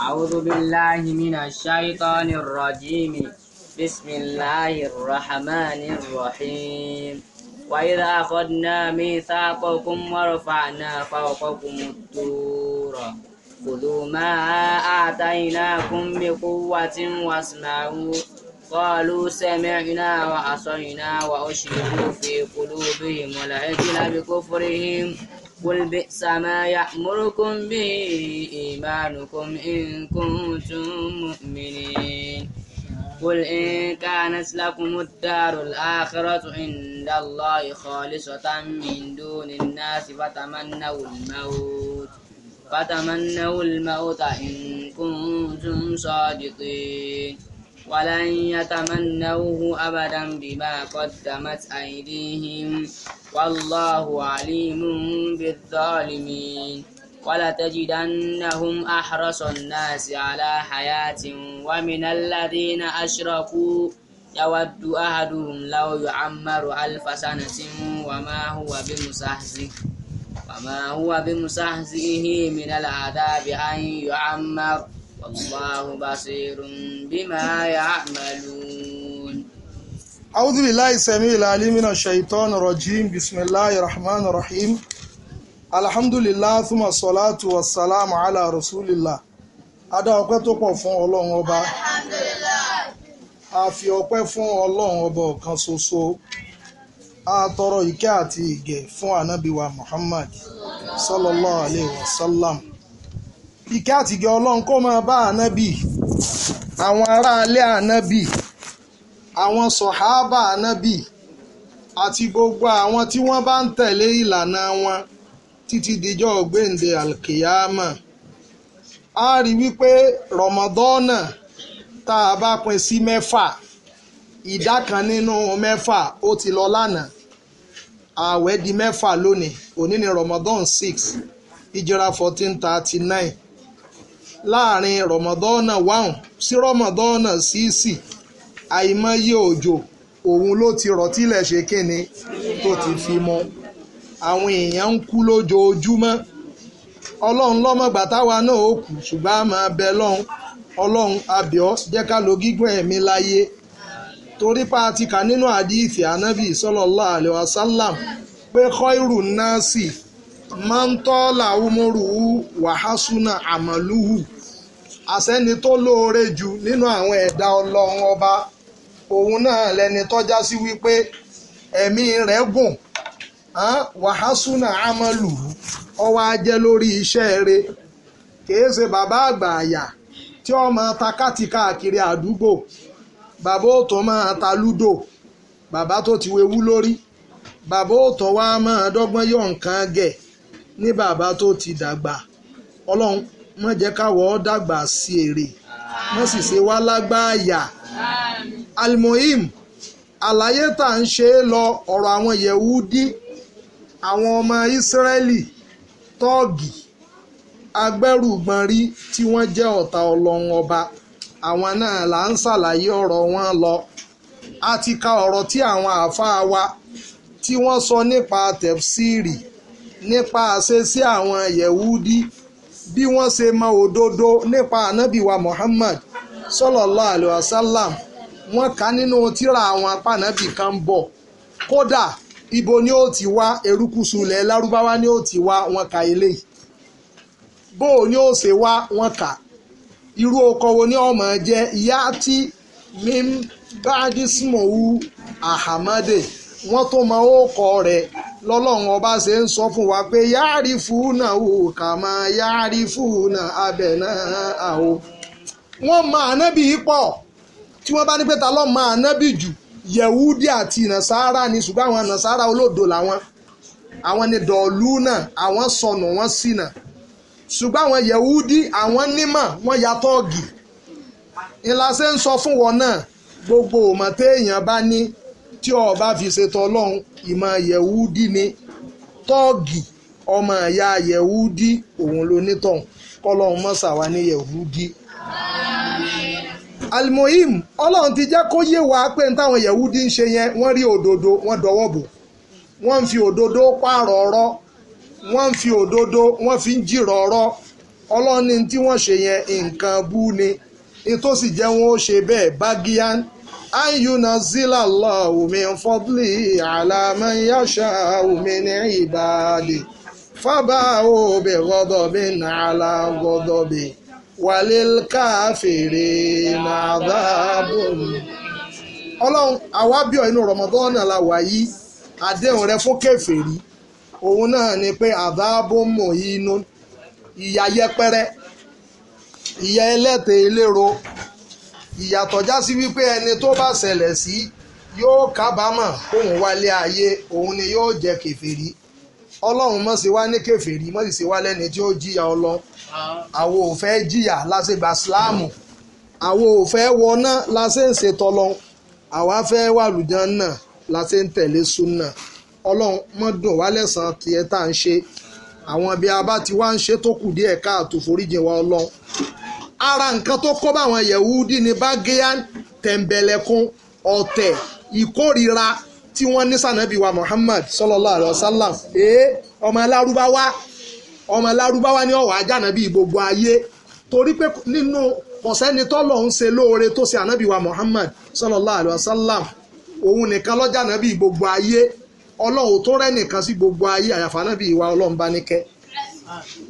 أعوذ بالله من الشيطان الرجيم بسم الله الرحمن الرحيم وإذا أخذنا ميثاقكم ورفعنا فوقكم الطور خذوا ما آتيناكم بقوة واسمعوا قالوا سمعنا وعصينا وأشركوا في قلوبهم العجل بكفرهم قل بئس ما يأمركم به إيمانكم إن كنتم مؤمنين قل إن كانت لكم الدار الآخرة عند الله خالصة من دون الناس فتمنوا الموت فتمنوا الموت إن كنتم صادقين ولن يتمنوه أبدا بما قدمت أيديهم والله عليم بالظالمين ولتجدنهم أحرص الناس على حياة ومن الذين أشركوا يود أحدهم لو يعمر ألف سنة وما هو بمسحزه وما هو بمسحزه من العذاب أن يعمر والله بصير بما يعملون أعوذ بالله السميع العليم من الشيطان الرجيم بسم الله الرحمن الرحيم الحمد لله ثم الصلاة والسلام على رسول الله adá ọpẹ́ tó pọ̀ fún ọlọ́run ọba a fi ọpẹ́ fún ọlọ́run ọba ọ̀kan ṣoṣo a tọrọ ìkẹ́ àti ìgẹ̀ fún ànábì Muhammad sallallahu alayhi wa sallam ìkẹ́ àtìgẹ́ ọlọ́run kó máa bá ànábì àwọn aráalé ànábì àwọn sọ̀háábà ànábì àti gbogbo àwọn tí wọ́n bá ń tẹ̀lé ìlànà wọn títí dijọ́ gbéǹde alkiyama a rí wípé rọmọdọ́nà tá a bá pín sí mẹ́fà ìdá kan nínú mẹ́fà ó ti lọ lánàá ààwẹ̀ di mẹ́fà lónìí òní ni rọmọdọ́n six ìjọra fourteen thirty nine láàrin rọmọdọ́nà wáhùn sí rọmọdọ́nà síìsì àìmọye òjò òun ló ti rọ̀ tílẹ̀ ṣe kíni tó ti fi mọ́ àwọn èèyàn ń kú lójoojúmọ́ ọlọ́run lọ́mọ̀gbà táwa náà ó kù ṣùgbọ́n a máa bẹ lọ́hùn ọlọ́run abíọ́ jẹ́ ká lo gígùn ẹ̀mí láyé torí pa ti kà nínú àdìsí ànábì sallallahu alaihi wasallam pé khairu nasi máa ń tọ́lá umoruhu wàhásùnà àmàlùhù àsẹ́ni tó lóore jù nínú àwọn ẹ̀dá ọlọ́run ọba òun náà lẹni tọ́já sí wípé ẹ̀mí rẹ̀ gùn wàhásùnà àmàlùhù ọwọ́ ajẹ́ lórí iṣẹ́ rẹ̀ kìí ṣe bàbá àgbà àyà tí ó máa ta kátìkà kiri àdúgbò bàbá òtò máa ta lúdò bàbá tó ti wewú lórí bàbá òtò wa máa dọ́gbọ́n yọ̀ nǹkan gẹ̀ẹ́ ní bàbá tó ti dàgbà ọlọ́run má jẹ́ káwọ́ dàgbà sí èrè má sì ṣe wá lágbáàyà almohim àlàyé tá à ń ṣe é lọ ọ̀rọ̀ àwọn yẹ̀wúdí àwọn ọmọ ìsírẹ́lì tọ́ọ̀gì agbẹ́rùgbọ̀nrí tí wọ́n jẹ́ ọ̀tá ọlọ́run ọba àwọn náà là ń ṣàlàyé ọ̀rọ̀ wọn lọ a ti ka ọ̀rọ̀ tí àwọn àáfàá wa tí wọ́n sọ nípa tẹ̀fsíìrì nípa àṣesí àwọn yẹ̀wúdí bí wọ́n ṣe mọ òdodo nípa ànábìwá Muhammad sallallahu alaihi wasallam wọ́n kà nínú tírà àwọn apánábì kan bọ̀ kódà ibo ni ó ti wá erékùṣù ilẹ̀ lárúbáwá ni ó ti wá wọ́n kà eléyìí bó o ní ó ṣe wá wọ́n kà irú okòwò ní ọmọ jẹ́ ìyá tí mímbádísmòwú ahamade wọ́n tó mọ rẹ̀ lọ́lọ́run ọba ṣe ń sọ fún wa pé yáàrí fúnà ò kà máa yáàrí fúnà abẹ náà àwọ. wọ́n mọ pọ̀ tí wọ́n bá ní pé ma anabi mọ jù yẹ̀wúdí ni ṣùgbọ́n àwọn nàṣàrà olódo làwọn àwọn ni dọ̀ọ̀lù náà àwọn sọnù wọn ṣìnà ṣùgbọ́n àwọn yẹ̀wúdí àwọn nímọ̀ wọn yàtọ̀ ọ̀gì ńlá ṣe ń sọ gbogbo òmọ̀tẹ́yìn bá tí o bá fi ṣètò ọlọ́run ìmọ̀ yẹ̀wúdí ni tọ́ọ̀gì ọmọ ìyá yẹ̀wúdí òun ló nítọ̀hún kọ́lọ́hún mọ́sà wá ní yẹ̀wúdí. alimoyim ọlọ́run ti jẹ́ kó yé wa pé n táwọn yẹ̀wúdí ń ṣe yẹn wọ́n rí òdodo wọ́n dọwọ́ bò wọ́n ń fi òdodo pààrọ̀ ọ̀rọ̀ wọ́n ń fi òdodo wọ́n fi ń jìrọ̀ ọ̀rọ̀ ọlọ́run ní tí wọ́n ṣe yẹn nǹkan bú ni ètò sì jẹ́ wọn ó ṣe bẹ́ẹ̀ bágíyán ayunazila Allahu الله من فضله على من يشاء ibadi عباده bẹ gọdọbí nàlá gọdọbí وللكافرين káfìrí nàdàbò. ọlọ́run àwa bíọ̀ inú Ramadan náà la wà yìí àdéhùn rẹ fún kèfèrí òun náà ni pé àdàbò mọ̀ inú ìyà yẹpẹrẹ ìyà ẹlẹ́tẹ̀ eléro ìyàtọ̀ já sí wípé ẹni tó bá ṣẹlẹ̀ sí yóò kábàámọ̀ kóun wálé ayé òun ni yóò jẹ kèfèrí ọlọ́run mọ̀ sí wá ní kèfèrí mọ̀ sì sí wá lẹ́ni tí ó jìyà ọlọ́ àwọn ò fẹ́ jìyà lásìgbà síláàmù àwọn ò fẹ́ wọná lásì ń ṣe tọlọ́n àwa fẹ́ wà lùján náà lásì ń tẹ̀lé súnà ọlọ́run mọ̀ dùn wá lẹ́sàn-án tiẹ̀ tá à ń ṣe àwọn ibi abá ti wá ń ṣe tó kù díẹ̀ káàtó foríjìn wa ọlọ́run ara nǹkan tó kó báwọn yẹ̀wúdí ni bagian tẹ̀m̀bẹ̀lẹ̀kun ọ̀tẹ̀ ìkórira tí wọ́n ní sànàbí Muhammad sallallahu alayhi wa sallam ee eh, ọmọ alárúbáwá ọmọ alárúbáwá ni ọ̀wọ́ ajá nàbí gbogbo ayé torí pé nínú kọ̀sẹ́ni tọ́lọ̀ ń ṣe lóore tó ṣe ànábì wa Muhammad sallallahu alayhi wa sallam òun nìkan lọ́jà ànábì gbogbo ayé ọlọ́run tó rẹ́ nìkan sí gbogbo ayé àyàfà ànábì wa ọlọ́run bá níkẹ́.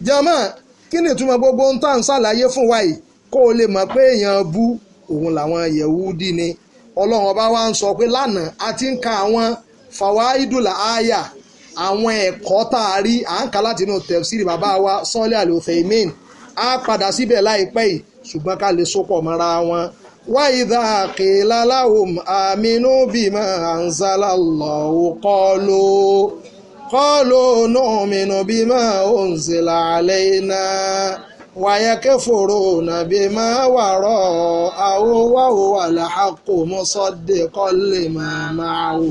jama kí ni ìtumọ̀ gbogbo ń tàn ṣàlàyé fún wa yìí kó o lè mọ̀ pé èèyàn bú òun làwọn yẹ̀wúdí ni ọlọ́run ọba wa ń sọ pé lánàá a ti ń ka àwọn fàwáìdùlà àyà àwọn ẹ̀kọ́ tá a rí à ń ka láti inú tẹ̀síìrì bàbá wa sanlé àlòfẹ́ imin á padà síbẹ̀ láìpẹ́ yìí ṣùgbọ́n ká lè sopọ̀ mọ́ra wọn. wáyídà qila lahum aminu bima anzalallahu qalu qalu nu'minu bima unzila alayna. ويكفرون بما وراءه وهو الحق مصدقا لما معه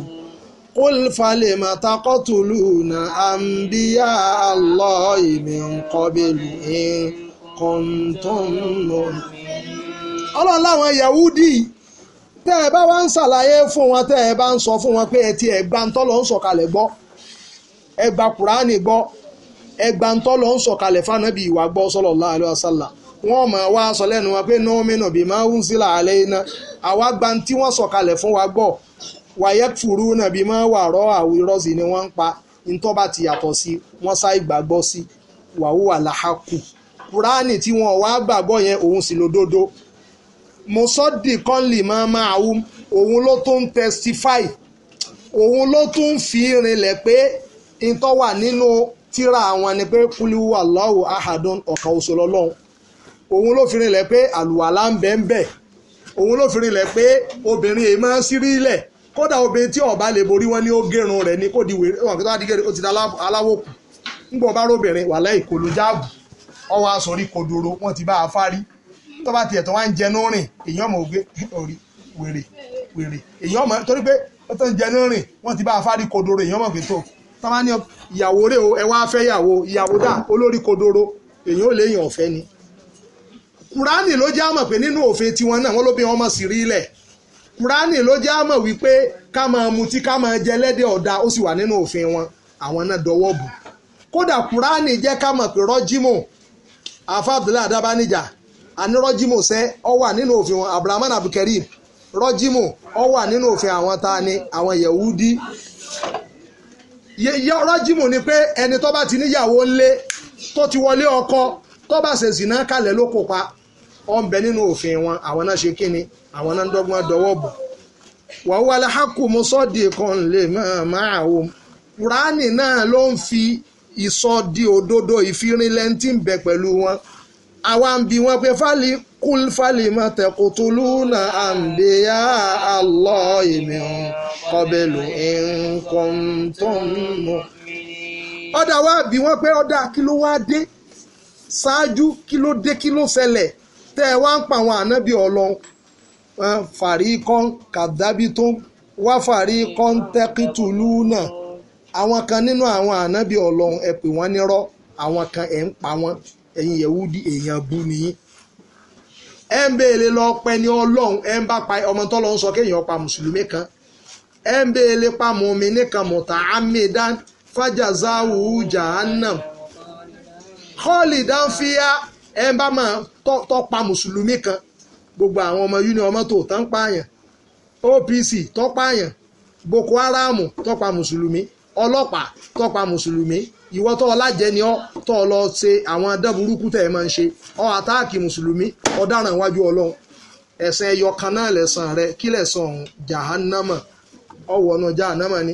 قل فلم تقتلون أنبياء الله من قبل إن كنتم ọlọ́run láwọn yahudi tẹ́ ẹ bá wá ń ṣàlàyé fún wọn tẹ́ ẹ bá ń sọ fún wọn pé ẹ ti ẹ̀ gbá ń ń sọ̀kalẹ̀ gbọ́ ẹ gba kùránì gbọ́ ẹgbà ń tọ́lọ ń sọ̀kalẹ̀ fánábì ìwà gbọ́ sallallahu alaihi wasallam wọ́n mọ̀ wá sọ lẹ́nu wọn pé nọ́ọ́mìnà bíi máa ń sílà alẹ́ iná àwa gba tí wọ́n sọ̀kalẹ̀ fún wa gbọ́ wàyẹ́ fùrú náà bíi máa wà rọ́ àwòrán ni wọ́n ń pa ntọ́ba ti yàtọ̀ sí wọ́n sá ìgbàgbọ́ sí wàhùwà làhákù kúránì tí wọn wá gbàgbọ́ yẹn òun sì lódodo mọ́sọ́dì kọ́ńlì máa máa wú òun ló tún testify òun ló tún fi rinlẹ̀ pé ntọ́ wà nínú tíra àwọn ni pé kúlíwú Allahu ahadun ọ̀kan oṣù lọ́lọ́run òun ló fi rinlẹ̀ pé àlùwàlá ń bẹ ń bẹ òun ló fi rinlẹ̀ pé obìnrin èyí máa ń ilẹ̀ kódà obìnrin tí ọba lè borí wọn ni ó gẹrun rẹ ni kò di kodoro wọ́n ti bá a fárí tó bá tiẹ̀ tó wá ń jẹnu rìn kodoro táwọn ní ìyàwó rẹ̀ o ẹ wá fẹ́ ìyàwó ìyàwó dà olórí kodoro èyàn ò léyìn ọ̀fẹ́ ni kúránì ló jẹ́ àmọ̀ pé nínú òfin tiwọn náà wọ́n ló bí wọn mọ̀ sí rí ilẹ̀ kúránì ló jẹ́ àmọ̀ wípé ká máa mutí ká máa jẹ lẹ́dẹ̀ ọ̀dà ó sì wà nínú òfin wọn àwọn náà dọwọ́ bù kódà kúránì jẹ́ ká mọ̀ pé rọ́jímù afa abdullahi adabanija àní rọ́jímù sẹ́ ọ wà nínú òfin wọn abrahaman abdulkareem rọ́jímù ọ wà nínú òfin àwọn ta ni àwọn yahudi yẹ ọ̀rọ̀ jìmù ni pé ẹni tó bá ti níyàwó ńlé tó ti wọlé ọkọ tó bá ṣe zìnà kalẹ̀ ló kó pa ọ̀ ń bẹ nínú òfin wọn àwọn náà ṣe kíni àwọn náà ń dọ́gbọ́n dọwọ́ bọ̀ wàá wà láhàkù mọ́sọ́dì kan lè máa wò kúránì náà ló ń fi ìsọdí òdodo ìfirinlẹ́ńtì ń bẹ pẹ̀lú wọn àwa ń bi wọn pé fálí kúl fálí mọ́ tẹ̀kọ́ tó lúnà àǹbíyá àlọ́ èmi kọ́bẹ̀lù nǹkan tó ń mọ̀. ọ̀dà wa bi wọ́n pé ọ̀dà kí ló wá dé ṣáájú kí ló dé kí ló ṣẹlẹ̀ tẹ́ ẹ wá ń pa àwọn ànábì ọlọ́run fàrí kan kàdábí tó wá fàrí kan tẹ́kítù lúnà àwọn kan nínú àwọn ànábì ọlọ́run ẹ pè wọ́n nírọ́ àwọn kan ẹ̀ ń pa wọ́n ẹ̀yin yẹ̀wúdí èèyàn bú ni yín ẹ ń béèrè lọ pẹ ní ọlọ́run ẹ ń bá pa ọmọ tó lọ ń sọ kéèyàn pa mùsùlùmí kan ẹ ń béèrè pa mùmí nìkan mọ̀tà amídán fàjàzáwù jahannam kọ́ọ̀lì dánfíà ẹ ń bá máa tọ́ pa mùsùlùmí kan gbogbo àwọn ọmọ yúni ọmọ tó tán pààyàn OPC tọ́pààyàn Boko Haram tọ́pa mùsùlùmí ọlọ́pàá tọ́pa mùsùlùmí ìwọ tó ọlájẹ ni ọ tó ọ lọ ṣe àwọn ẹdán burúkú tẹ̀ ẹ máa ń ṣe ọ àtáàkì mùsùlùmí ọ̀daràn iwájú ọlọ́run ẹ̀sìn ẹyọ kan náà lẹ̀sán rẹ kí lẹ̀sán ọ̀hún jahannama ọwọ́ ọ̀nà jahannama ni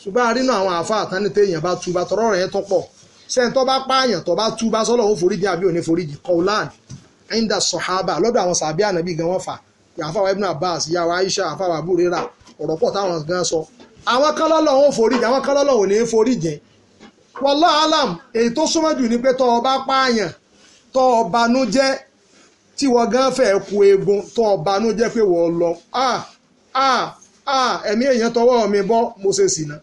ṣùgbọ́n àrínú àwọn àáfàá àtàní téèyàn bá túba tọrọ rẹ̀ tó pọ̀ sẹ́ni tó bá pààyàn tó bá túba sọ́lọ́ òun foríjì àbí òní foríjì kọ́ọ̀lán ẹ̀ńdà sọ̀hábà lọ́dọ̀ àwọn sàbí ànábì gan wọ́n fà yàáfà wa ibn abbas yàwá aisha àfà wa búrera ọ̀rọ̀ pọ̀ táwọn gan sọ àwọn kálọ́lọ́ òun foríjì àwọn kálọ́lọ́ òun ní foríjì wàlá alam èyí tó súnmọ́ jù ni pé tọ́ ọ bá pààyàn tọ́ ọ banú jẹ́ tí wọ́n gan fẹ́ ku egun tọ́ ọ banú jẹ́ pé wọ́n lọ a a a ẹ̀mí èèyàn tọwọ́ mi bọ́ mo ṣe sì ná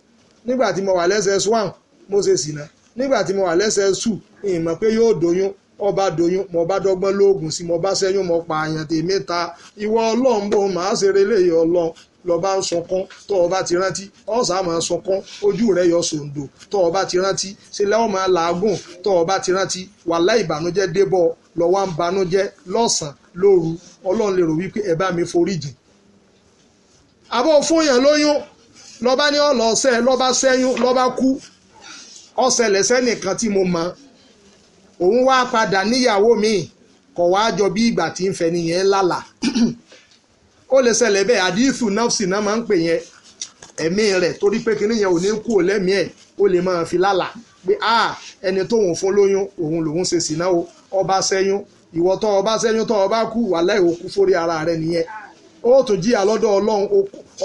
nígbà tí mo wà lẹ́sẹ̀ one mo ṣe sì ná nígbà tí mo wà lẹ́sẹ̀ two ìmọ̀ pé yóò doyún ọba doyún mo bá dọ́gbọ́n lóògùn sí mo bá ṣẹ́yún mo pa àyàn tèmi ta ìwọ ọlọ́run bò máa ṣeré léyìí ọlọ́run lọ bá ń sọkún tó o bá ti rántí ọ̀sán máa sọkún ojú rẹ̀ yọ sòǹdò tó o bá ti rántí ṣe lẹ́wọ̀n máa làágùn tó o bá ti rántí wàhálà ìbànújẹ́ débọ̀ lọ́wọ́ ń banújẹ́ lọ́sàn-án lóru ọlọ́run lè rò wípé ẹ bá mi forí jìn. àbọ̀ fún yàn lóyún lọ́ba ní ọ̀lọ́ ọ̀sẹ̀ lọ́ba sẹ́yún lọ́ba kú ọ̀sẹ̀lẹ̀ sẹ́nìkan tí mo mọ̀ òun wá padà níyàwó mi kọ̀ wá jọ bí ìgbà tí ń fẹ́ nìyẹn lálàá ó lè ṣẹlẹ̀ bẹ́ẹ̀ àdìsù nafsi náà máa ń pè yẹn ẹ̀mí torí pé kinní yẹn ò ní kú lẹ́mìí ẹ̀ ó lè fi lálà pé a ẹni tóun fún lóyún òun lòun ṣe sí náà ọba ṣẹ́yún ìwọ tó ọba ṣẹ́yún tó ọba kú wà ìwòkú fórí ara rẹ nìyẹn ó tún jí àlọ́dọ̀ ọlọ́run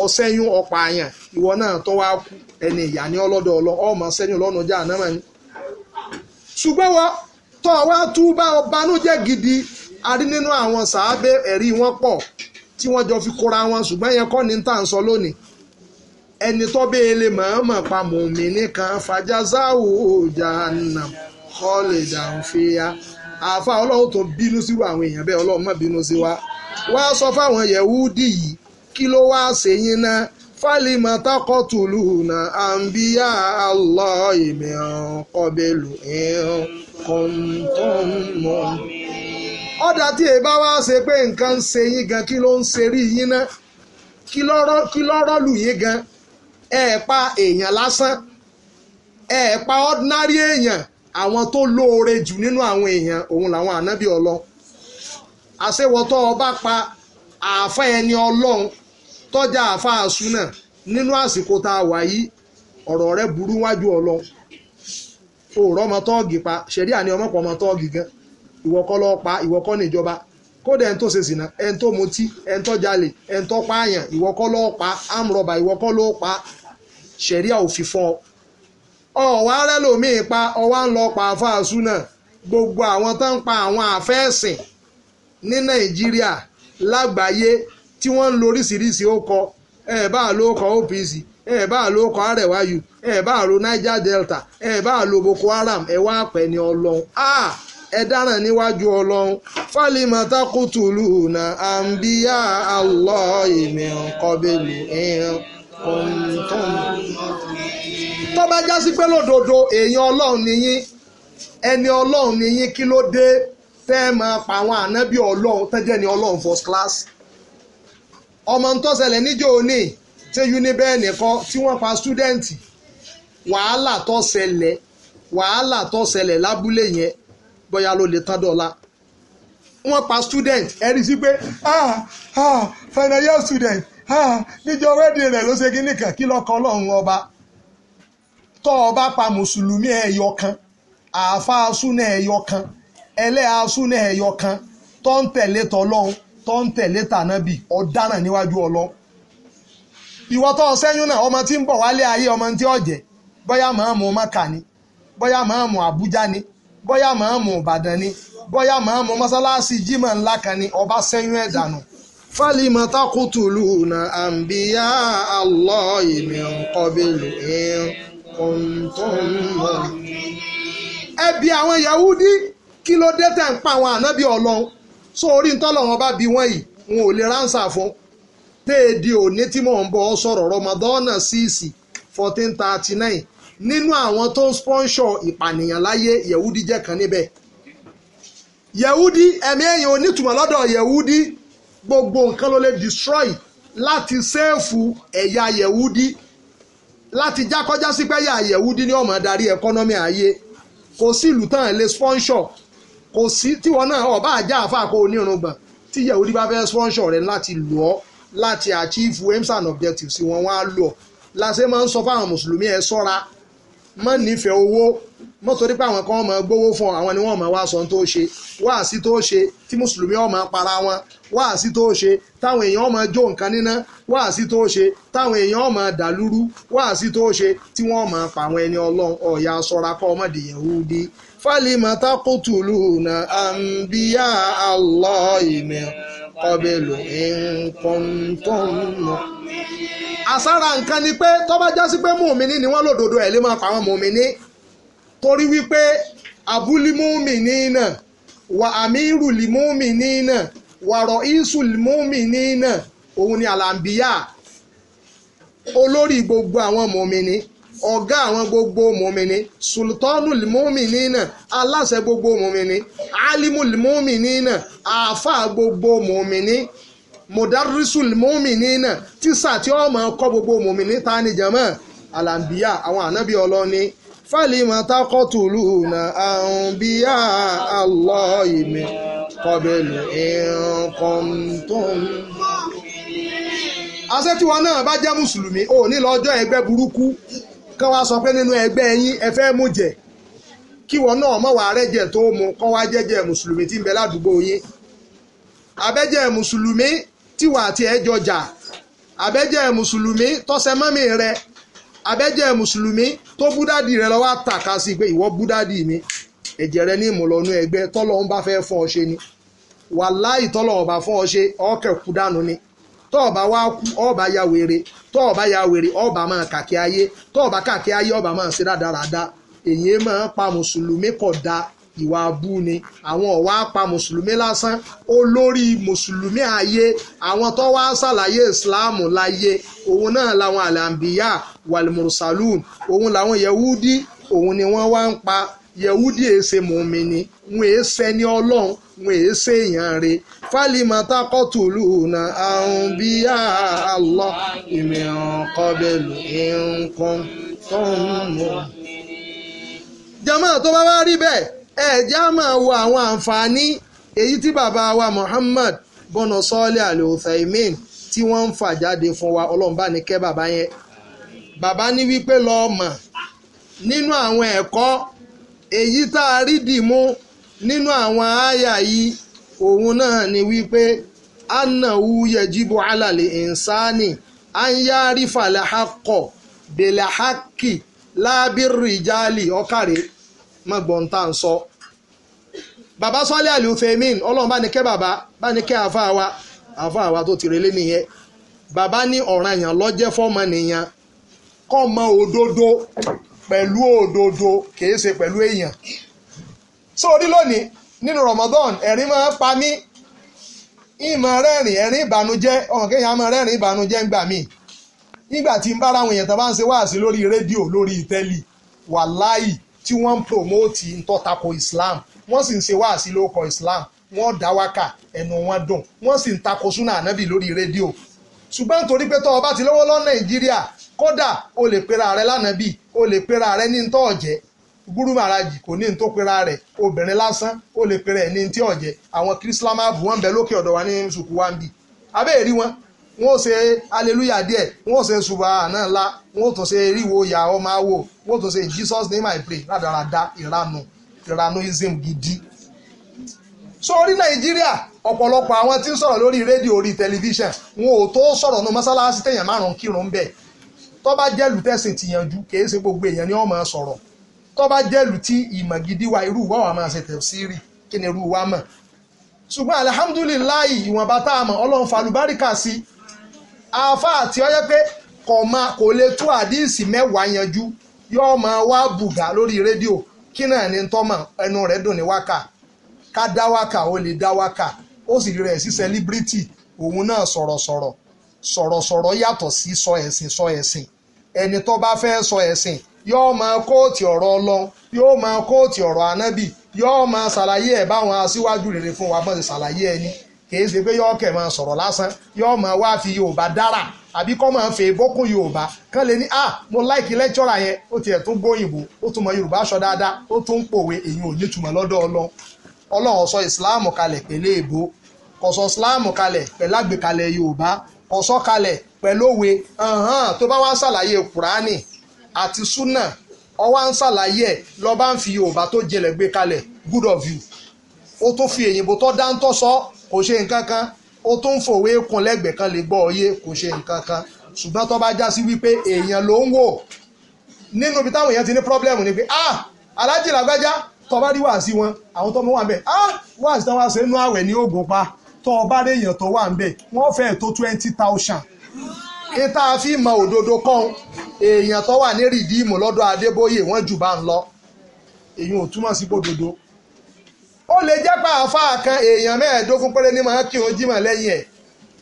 ọṣẹ́yún ọ̀pá àyàn ìwọ náà tó wá kú ẹni ìyá tí wọ́n jọ fi kóra wọn ṣùgbọ́n yẹn kọ́ ni tá à ń sọ lónìí ẹni tó béèlè mọ̀ọ́mọ̀ pa mùmíní kan fàjásáwò jàǹnà kọ́lẹ̀ dàǹfẹ́yà àfa ọlọ́run tó bínú sírú àwọn èèyàn bẹ́ẹ̀ ọlọ́run má bínú sí wa wá sọ fáwọn yẹ̀wúdì yìí kí ló wá ṣèyí náà fálímà tákọ́tùlù náà àǹbíyá àlọ́ ìmọ̀ ọ̀kọ́bẹ̀lù ẹ̀ẹ́n kọ́ńtọ́ńmọ́. ọ̀dà tí èyí bá wá ṣe pé nǹkan ń ṣe yín gan kí ló ń ṣe rí yín ná kí lọ́rọ́ lù gan ẹ pa èèyàn lásán ẹ pa ordinary èèyàn àwọn tó lóore jù nínú àwọn èèyàn òun làwọn ànábì ọlọ ọba pa àáfà ẹni àáfà nínú àsìkò tá a wà rẹ burú wájú ọlọ ọmọ pa àní ọmọ gan ìwọ kọ́ ló pa ìwọ kọ́ níjọba kódà ẹni tó ṣe sìnà ẹni tó mutí ẹni tó jalè ẹni tó pààyàn ìwọ kọ́ ló pa amrọ̀bà ìwọ kọ́ ló pa ṣẹ̀ríà òfin fún ọ ọ̀wá rẹ̀ lòmíì pa ọwá ń lọ pa àfáàsù náà gbogbo àwọn tó ń pa àwọn àfẹ́ẹ̀sìn ní nàìjíríà lágbàáyé tí wọ́n ń lo oríṣiríṣi ókọ ẹ̀ bá a lo ókọ OPC ẹ̀ bá a lo ókọ Arewa U ẹ̀ bá a lo Niger Delta ẹ̀ bá a Boko Haram ẹ̀ wá pẹ̀ ní ọlọ́run ah! ẹ dáràn níwájú ọlọ́run fálímọ̀ tákùtù lùnà àǹbíyá àlọ́ èmi kọ́bẹ̀lù ẹ̀hún kọ́ńtọ́n. tó bá já sí pé lódodo èèyàn ọlọ́run nìyí ẹni ọlọ́run nìyí kí ló dé fẹ́ ẹ máa pa àwọn ànábì ọlọ́run tẹ́jẹ́ ni ọlọ́run first class ọmọ tó ṣẹlẹ̀ níjọ́ òní ṣé unibẹ́ẹ̀ nìkan tí wọ́n pa student wàhálà tó ṣẹlẹ̀ wàhálà tó lábúlé yẹn bóyá ló lè tán pa student ẹ̀rí sí pé ah ah final student ah níjọ wẹ́ẹ̀dì rẹ̀ ló ṣe kíní kan kí lọ́kọ́ ọlọ́run ọba tọ́ ọba pa mùsùlùmí ẹ̀yọ kan àáfàá súnà ẹ̀yọ kan ẹlẹ́yà súnà ẹ̀yọ kan tó ń tẹ̀lé tọ́lọ́run ń tẹ̀lé ọ̀daràn ọmọ tí ń bọ̀ wálé ọmọ tí ọ̀jẹ̀ màá mú ni màá mú ni bóyá màámù ìbàdàn ni bóyá màámù mọ́sálásí jimá ńlá kan ni ọba sẹ́yìn ẹ̀ dànù. فلم تقتلون أنبياء الله من قبل إن كنتم ẹ bi àwọn Yahudi kí ló dé tẹ̀ ń pa àwọn ànábì Ọlọ́run sórí ntọ́lọ́wọ́n bá bi wọ́n yìí wọn ò lè ránṣà fún téèdì òní tí mò ń bọ́ sọ̀rọ̀ Ramadan síìsì fourteen thirty nine nínú àwọn tó ń spọ́nṣọ̀ ìpànìyàn láyé yẹ̀wúdí jẹ́ kan níbẹ̀ yẹ̀wúdí ẹ̀mí èèyàn onítùmọ̀ lọ́dọ̀ yẹ̀wúdí gbogbo nǹkan ló lè destroy láti sẹ́ẹ̀fù ẹ̀yà yẹ̀wúdí láti jákọ́já sí pẹ́yà yẹ̀wúdí ni ó máa darí ẹ̀kọ́nọ́mì ayé kò sí ìlú tán lè spọ́nṣọ̀ kò sí tíwọ náà ọba àjà àfa kó onírùngbọ̀n tí yẹ̀wúdí bá fẹ́ spọ́nṣọ̀ rẹ̀ láti lò ọ́ láti achieve aims and objectives wọn wá lò ọ́ làṣẹ máa ń sọ fáwọn mùsùlùmí ẹ sọ́ra má nífẹ̀ẹ́ owó má torí pé àwọn kan máa gbówó fún ọ àwọn ni wọ́n máa wá sọ tó ṣe wáàsí tó ṣe tí mùsùlùmí ó máa para wọn wáàsí tó ṣe táwọn èèyàn máa jó nǹkan níná wáàsí tó ṣe táwọn èèyàn máa dàlúrú wáàsí tó ṣe tí wọ́n máa pa àwọn ẹni ọlọ́run ọ̀yà sọ́ra kọ́ ọmọdé yẹ̀húdí fálímà tákùtù lùnà àǹbíyá àlọ́ ìmì kọbẹ̀lù nǹkan àsára nǹkan ni pé tó bá jásí pé mùmíní ni wọ́n lòdòdó ẹ̀ lè máa pa àwọn mùmíní torí wípé abúlímùmí nínà wà àmírùlímùmí nínà wàrọ̀ ìsùlímùmí nínà òun ni àlàǹbíyá olórí gbogbo àwọn mùmíní ọ̀gá àwọn gbogbo mòmìnì sultanu lìmọ́mìnì náà aláṣẹ gbogbo mòmìnì alimu lìmọ́mìnì náà àáfà gbogbo mòmìnì mọ̀dárísù lìmọ́mìnì náà tíṣà tí ó máa kọ́ gbogbo mòmìnì ta ni jẹ̀mọ́ alambiya àwọn ànábì ọlọ́ni fálímọ̀ takọ́tùlù na àǹbíyá àlọ́ ìmẹ̀ kọ́bẹ̀lù ìrànkọ́ntún asẹ́tiwọn náà bá jẹ́ mùsùlùmí ò ní lọ́jọ́ ẹgbẹ́ burúkú kán wá sọ pé nínú ẹgbẹ́ yín ẹ fẹ́ mú jẹ kíwọ náà mọ̀ wá rẹ́jẹ̀ tó mu kán wá jẹ́jẹ́ mùsùlùmí tí ń bẹ ládùúgbò yín abẹ́jẹ́ mùsùlùmí tíwà àti ẹjọ́ jà abẹ́jẹ́ mùsùlùmí tọ́sẹ̀ mọ́mì rẹ abẹ́jẹ́ mùsùlùmí tó búdádì rẹ lọ́wọ́ àtàkà sí pé ìwọ búdádì mi ẹ̀jẹ̀ rẹ ní ìmùlọ́nú ẹgbẹ́ tọ́lọ́hún bá fẹ́ fún ọ ṣe ni wàláì tọ́lọ́hún bá fún ọ ṣe ọ̀kẹ́ kú dànù ni tọ́ọ̀bá wá kú ọ̀bá ya wèrè tọ́ọ̀bá ya wèrè ọ̀bá máa kàkí ayé tọ́ọ̀bá kàkí ayé ọ̀bá máa ṣe dáradára èyí máa pa mùsùlùmí kọ̀ da ìwà abú ni àwọn ọ̀wá pa mùsùlùmí lásán olórí mùsùlùmí ayé àwọn tó wá ṣàlàyé ìsìláàmù láyé òun náà làwọn àlàǹbíyà wàlmùrùsàlùm òun làwọn yẹwúdí òun ni wọ́n wá ń pa yẹwúdí èsè mùmí ni wọn èé sẹni ọlọ́run wọn èé ṣèyàn re fálímà tákọ́tùlù na àrùn bí i àlọ́ ìmìíràn kọ́bẹ̀lù nǹkan tó ń mọ̀. jama tó bá wá rí bẹ́ẹ̀ ẹ já máa wo àwọn àǹfààní èyí tí bàbá wa Muhammad bọ́nà sọ́ọ́lẹ̀ al-Uthaymin tí wọ́n ń fà jáde fún wa ọlọ́mbà ní kẹ́ bàbá yẹn bàbá ní wípé lọ́ọ́ mọ̀ nínú àwọn ẹ̀kọ́ èyí tá a rí dì mú nínú àwọn àyà yìí òun náà ni wípé annahu yajibu alal insani an yarifa lahakọ belahaki lábírìjálì ọkàrẹ́ mọ̀gbọ́n tá à ń sọ. bàbá sọ́lé àlùfẹ́mìn ọlọ́run bá ní kẹ́ bàbá bá ní baba àfa wa àfa wa tó ti relé nìyẹn bàbá ní ọ̀ranyàn lọ́jẹ́ fọ́mọ nìyẹn kọ́ òdodo pẹ̀lú òdodo kìí ṣe èèyàn sórí lónìí nínú Ramadan ẹ̀rín máa ń pa mí ìmọ̀ rẹ́rìn ẹ̀rín ìbànújẹ́ ọ̀hún kéèyàn máa rẹ́rìn ìbànújẹ́ ń gbà mí nígbà tí ń bára àwọn èèyàn tó bá ń ṣe wáàsí lórí rédíò lórí tẹ́lì wàláì tí wọ́n ń promote ìtọ́tako Islam wọ́n sì ń ṣe wáàsí lóko Islam wọ́n dá wákà ẹnu wọn dùn wọ́n sì ń tako súnà ànábì lórí rédíò ṣùgbọ́n torí pé tọ́ ọba ti lọ́wọ́ lọ́ Nàìjíríà kódà o lè pera rẹ lánàbì o lè pera rẹ ní ntọ́ọ̀jẹ́ Guru màràjì kò ní ní tó pera rẹ̀ obìnrin lásán ó lè pera ẹ̀ ní tí ọ̀jẹ̀ àwọn kírísílámàbù wọn bẹ lókè ọ̀dọ̀ wa ní sùkú wa ń bì abẹ́ẹ̀ rí wọn wọn ò ṣe aleluya díẹ̀ wọn ò ṣe subahana ńlá wọn ò tún ṣe eríwo ìyá ọmọ awo wọn ò tún ṣe Jesus name I pray rádaràda ìranu ìranuism gidi so orí nàìjíríà ọ̀pọ̀lọpọ̀ àwọn tí ń sọ̀rọ̀ lórí rédíò orí tẹlifíṣàn wọn ò tó sọ̀rọ̀ nu mọ́sálásí téèyàn márùn-ún kírun bẹ́ẹ̀ tó bá jẹ́lu tẹ̀sìn tìyànjú kì í ṣe gbogbo èèyàn ni wọ́n máa sọ̀rọ̀ tó bá jẹ́lu tí ìmọ̀ gidi wa irú wa wà máa ṣe tẹ̀síìrì kí ni irú wa mọ̀ ṣùgbọ́n alihamudulilayi ìwọ̀nba tá a mọ̀ ọlọ́run falubáríkà sí àáfà àti ọyẹ́ pé kò máa kò lè tú àdíìsì mẹ́wàá yanjú yóò máa wá bùgà lórí rédíò kí náà ni tọ́mọ̀ ẹnu rẹ̀ dùn ní wákà ká dá wákà ó lè dá wákà ó sì rí rẹ̀ sí sẹlíbírítì òun náà sọ̀rọ̀sọ̀rọ̀ sọ̀rọ̀sọ̀rọ̀ yàtọ̀ sí sọ ẹ̀sìn sọ ẹ̀sìn ẹni tó bá fẹ́ sọ ẹ̀sìn yóò máa kóòtì ọ̀rọ̀ ọlọ yóò máa kóòtì ọ̀rọ̀ anábì yóò máa ṣàlàyé ẹ̀ báwọn aṣíwájú rere fún wa bọ́n ṣàlàyé ẹni kìí ṣe pé yóò kẹ̀ máa sọ̀rọ̀ lásán yóò máa wá fi yorùbá dára àbí kọ́ máa fẹ́ bókun yorùbá kán lè ní ah mo láìkí yẹn ó tiẹ̀ tún gbóyìnbó ó tún mọ yorùbá aṣọ dáadáa ó tún ń pòwe èyí ò lọ́dọ̀ àti súnà ọwá ń ṣàlàyé ẹ̀ lọ́ba ń fi yorùbá tó jẹlẹ̀ gbé kalẹ̀ good of you ó tún fi èyìnbó tó dáńtọ́ sọ kò ṣe nǹkan kan ó tún ń fòwe kun lẹ́gbẹ̀ẹ́ kan lè gbọ́ ọ yé kò ṣe nǹkan kan ṣùgbọ́n tó bá já wípé èèyàn ló ń wò nínú ibi táwọn èèyàn ti ní pírọ́blẹ́mù ni pé ah alájì làgbájá tó bá rí wàásí wọn àwọn tó mọ wà ń bẹ ah wàásí tó wá ṣe nú àwẹ̀ ní oògùn pa tó bá rí èèyàn tó wà ń bẹ wọ́n fẹ́ẹ̀ tó twenty thousand ìta fi mọ òdodo kan èèyàn tó wà ní rìdíìmù lọ́dọ̀ Adébóyè wọ́n jù bá ń lọ èyàn ò túmọ̀ sí bòdodo ó lè jẹ́ pé àáfàá kan èèyàn mẹ́ẹ̀ẹ́dógún péré ní máa kí òun jímọ̀ lẹ́yìn ẹ̀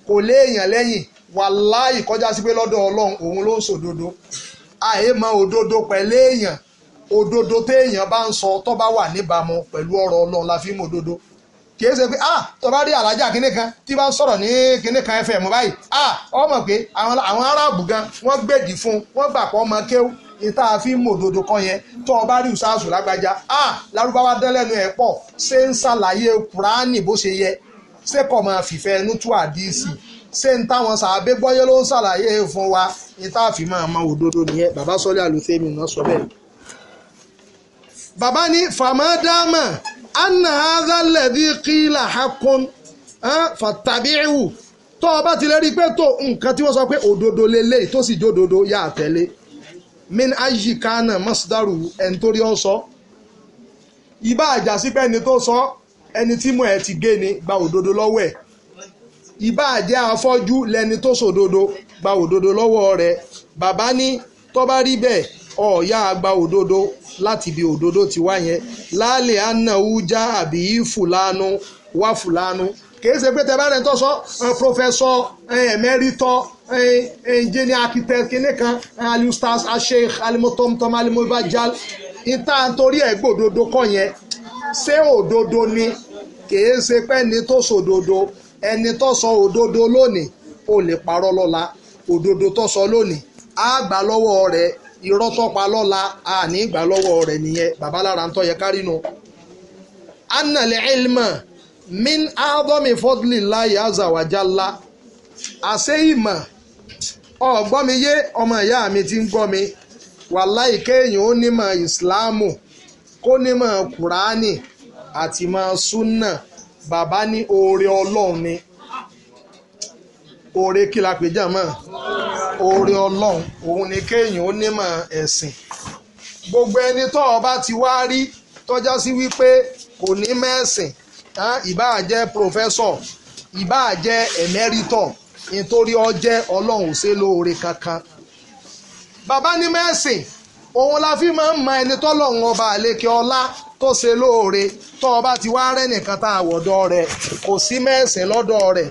kò léèyàn lẹ́yìn wàláì kọjá sí pé lọ́dọ̀ Ọlọ́run òun ló ń sòdodo àìmọ̀ òdodo pẹ̀lú èèyàn òdodo téèyàn bá ń sọ tó bá wà níbàámu pẹ̀lú ọ̀rọ̀ Ọlọ́run la fi mọ̀ òdodo kìí ṣe pé ah tó bá rí alájà kinní kan tí bá ń sọ̀rọ̀ ní kinní kan fm báyìí ah ọmọ pé àwọn aráàbù gan wọ́n gbèdì fún wọ́n gbà pọ̀ ọmọ kéwù ìta àfi mòdodo kan yẹn tó o bá rí ìsáàsù lágbájá ah lárúbáwá dẹ́lẹ́nu ẹ̀ pọ̀ ṣé ń ṣàlàyé kùránì bó ṣe yẹ ṣé kò máa fìfẹ́ ẹnu tú àdíìsì ṣé ń táwọn sàábé gbọ́yé ló ń ṣàlàyé fún wa ìta àfi máa mọ òdodo nìyẹn bàbá sọ́lé àlùfẹ́ mi náà sọ bẹ́ẹ̀. bàbá ní fàmọ́dámà anna hadha alladhi qila haqqun fattabi'u tó o bá ti lè rí i pé tó nǹkan tí wọ́n sọ pé òdodo lélẹ́yìí tó sì jó òdodo yá àtẹ̀lé min ayi kana masdaru ẹni tó rí ọ sọ ìbá àjàsí pé ẹni tó sọ ẹni tí mo ẹ̀ ti gé ni gba òdodo lọ́wọ́ ẹ̀ ìbá àjẹ́ afọ́jú lẹni tó sòdodo gba òdodo lọ́wọ́ rẹ̀ bàbá ní tó bá rí bẹ́ẹ̀ ọ̀ọ́yá àgbà òdodo láti ibi òdodo ti wá yẹn lálẹ́ anáwó já àbí fúlànù wá fúlànù kìí ṣe pé tẹ bá rẹ̀ tó sọ pọfẹsọ ẹ̀mẹ́rìtọ́ ẹnjìnìá architect kìnìún kan alustas asheikh alimotomtom alimobajal ìta nítorí ẹ̀ gbòdodo kọ́ yẹn ṣé òdodo ni kìí ṣe pé ẹni tó sọ òdodo ẹni tó sọ òdodo lónìí ó lè parọ́ lọ́la òdodo tó sọ lónìí á lọ́wọ́ rẹ̀ irọ́ tọ́pa lọ́la àní ìgbà lọ́wọ́ rẹ̀ nìyẹn bàbá lára ń tọ́yẹ kárí nu. annalẹ̀ ilmọ̀ min adomi fọdùlì láyé azawajala àṣẹ ìmọ̀ ọ̀gbọ́n mi yé ọmọ ìyá mi ti ń gbọ́ mi wàláì kéèyàn ó nímọ̀ ìsìláàmù kó nímọ̀ kùránì àti mọ̀ súnà bàbá ní oore ọlọ́run ni oore kí la pè jàmọ́ oore ọlọ́run òun ni kéèyàn ó nímọ̀ ẹ̀sìn gbogbo ẹni tó ọba ti wá rí tọ́já sí wípé kò ní mẹ́sìn ìbáà jẹ́ pòfẹ́sọ̀ ìbáà jẹ́ ẹ̀mẹ́rítọ̀ nítorí ọjẹ́ ọlọ́run ò ṣe lóore kankan bàbá ní mẹ́sìn òun la fi máa ń mọ ẹni tọ́lọ́run ọba àlekè ọlá tó ṣe lóore tó ọba ti wá rẹ́ nìkan tá a rẹ̀ kò sí mẹ́sìn lọ́dọ̀ rẹ̀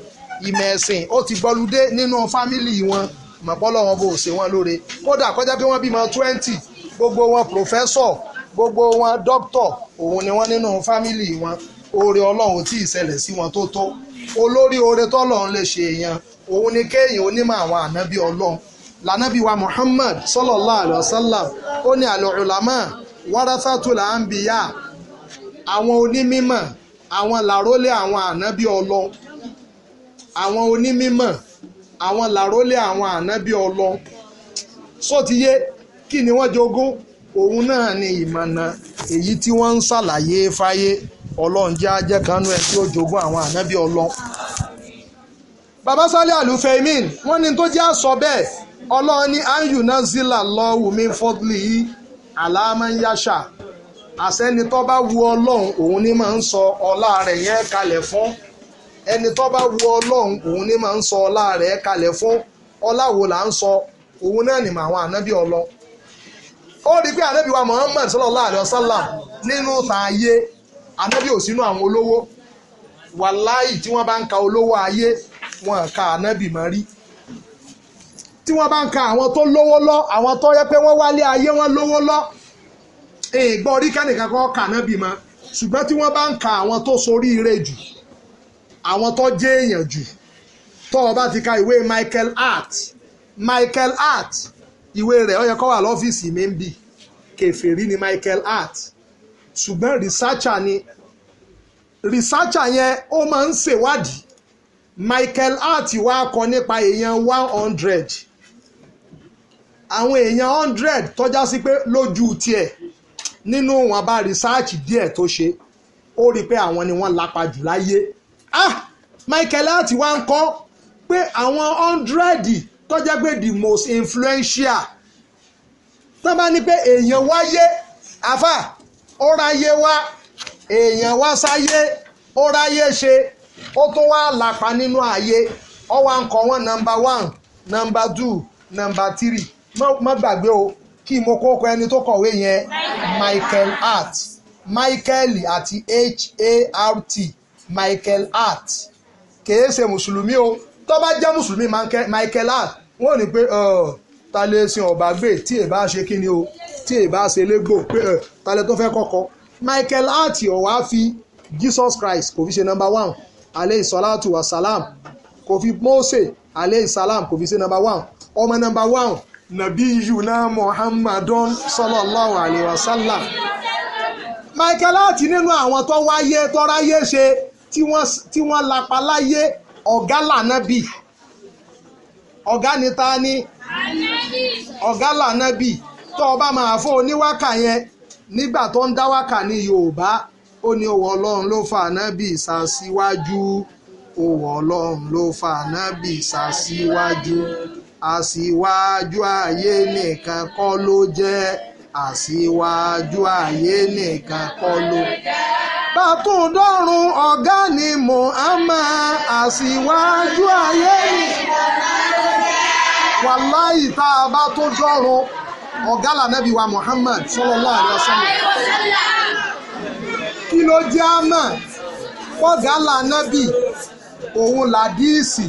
ìmọ̀ ẹ̀sìn ó ti gbọ́lúdé nínú fámìlì wọn mọ̀pọ́lọ́ wọn bò ṣe wọn lóore kódà kọjá pé wọ́n bímọ twenty gbogbo wọn professor gbogbo wọn doctor òun ni wọ́n nínú fámìlì wọn oore ọlọ́run tí ìṣẹ̀lẹ̀ sí wọn tó tó olórí oore tọ́lọ́run lè ṣe èèyàn òun ni kéèyàn onímọ̀ àwọn ànábì ọlọ́run lànàbí wa muhammad sallallahu alayhi wa sallam ó ní àlọ́ ulama warathatul anbiya àwọn onímọ̀ àwọn làrólé àwọn ànábì ọlọ́run àwọn onímímọ̀ àwọn làrólé àwọn ànábì ọlọ sótìyé kí ni wọ́n jogún òun náà ni ìmọ̀nà èyí tí wọ́n ń ṣàlàyé fáyé ọlọ́run jẹ́ ajẹ́ kan nú ẹ tí ó jogún àwọn ànábì ọlọ. bàbá sálẹ̀ àlùfẹ́mìn wọ́n ní tó jẹ́ àsọ bẹ́ẹ̀ ọlọ́run ní anyu nazila lọ́wọ́ mi fọ́dúlì yìí àlàámáyáṣà àsẹ́ni tó bá wu ọlọ́run òun ni máa ń sọ ọlá rẹ̀ yẹn kalẹ̀ fún ẹni tó bá wu ọlọ́run òun ni máa ń sọ ọlá rẹ̀ kalẹ̀ fún ọlá wo là ń sọ òun náà ni màwọn ànábì ọlọ ó rí i pé ànábì wa Muhammad sallallahu alaihi wasallam nínú ìtàn ayé ànábì ò sínú àwọn olówó wàláì tí wọ́n bá ń ka olówó ayé wọn ka ànábì mọ́ rí tí wọ́n bá ń ka àwọn tó lówó lọ àwọn tó yẹ pé wọ́n wálé ayé wọn lówó lọ ìgbọ́ orí kẹ́nìkan kọ́ ka ànábì mọ́ ṣùgbọ́n tí wọ́n bá ń ka àwọn tó sorí ire jù àwọn tó jẹ́ èèyàn jù tó o bá ti ka ìwé Michael Hart Michael Hart ìwé rẹ̀ ó yẹ kó wà lọ́fíìsì mi ń bì kèfèrí ni Michael Hart ṣùgbọ́n researcher ni researcher yẹn ó máa ń ṣèwádìí Michael Hart wá kọ nípa èèyàn one hundred àwọn èèyàn hundred tọ́já sí pé lójú tiẹ̀ nínú wọn bá research díẹ̀ tó ṣe ó rí i pé àwọn ni wọ́n lapa jù láyé ah Michael láti wá ń kọ́ pé àwọn hundred tó jẹ́ pé the most influential tó bá ní pé èèyàn wáyé àfà ó ráyé wá èèyàn wá sáyé ó ráyé ṣe ó tó wá làpá nínú ààyè ó wá wọn nọmba one number two number three má gbàgbé o kí mo kó kọ ẹni tó kọ̀wé yẹn Michael Hart Michael àti H-A-R-T. Michael Hart kìí ṣe mùsùlùmí o tó bá jẹ́ mùsùlùmí Michael Hart wọ́n ò ní pé ta lè sin ọ̀bà gbé tí èbá ṣe kí ni o tí èbá ṣe légbò pé ta lè tó fẹ́ kọ́kọ́ Michael Hart ọ̀wá fi Jesus Christ kò fi ṣe number one aleyhi salatu wa salam kò fi Mose aleyhi salam kò fi ṣe number one ọmọ number one nabiyuna muhammadun sallallahu alayhi wa sallam michael láti nínú àwọn tó wáyé tó ráyé ṣe tí wọ́n lapa láyé ọ̀gá lànábì ọ̀gá ni ta ni ọ̀gá lànábì tó o bá máa fún oníwákà yẹn nígbà tó ń dá wákà ní Yorùbá ó ní òwò Ọlọ́run ló fa ànábì ṣàṣíwájú òwò Ọlọ́run ló fa ànábì ṣàṣíwájú àṣíwájú ayé nìkan kọ́ ló jẹ́ aṣíwájú ayé nìkan kọ́ ló. bàtúndọ̀rùn ọ̀gá ni Muhammad aṣíwájú ayé nìkan kọ́ ló. wàláyì tá a bá tó dọ̀rùn ọ̀gá lànàbí wa Muhammad sallallahu alaihi wasallam. kí ló jẹ́ àmà ọ̀gá lànàbí òun làdíìsì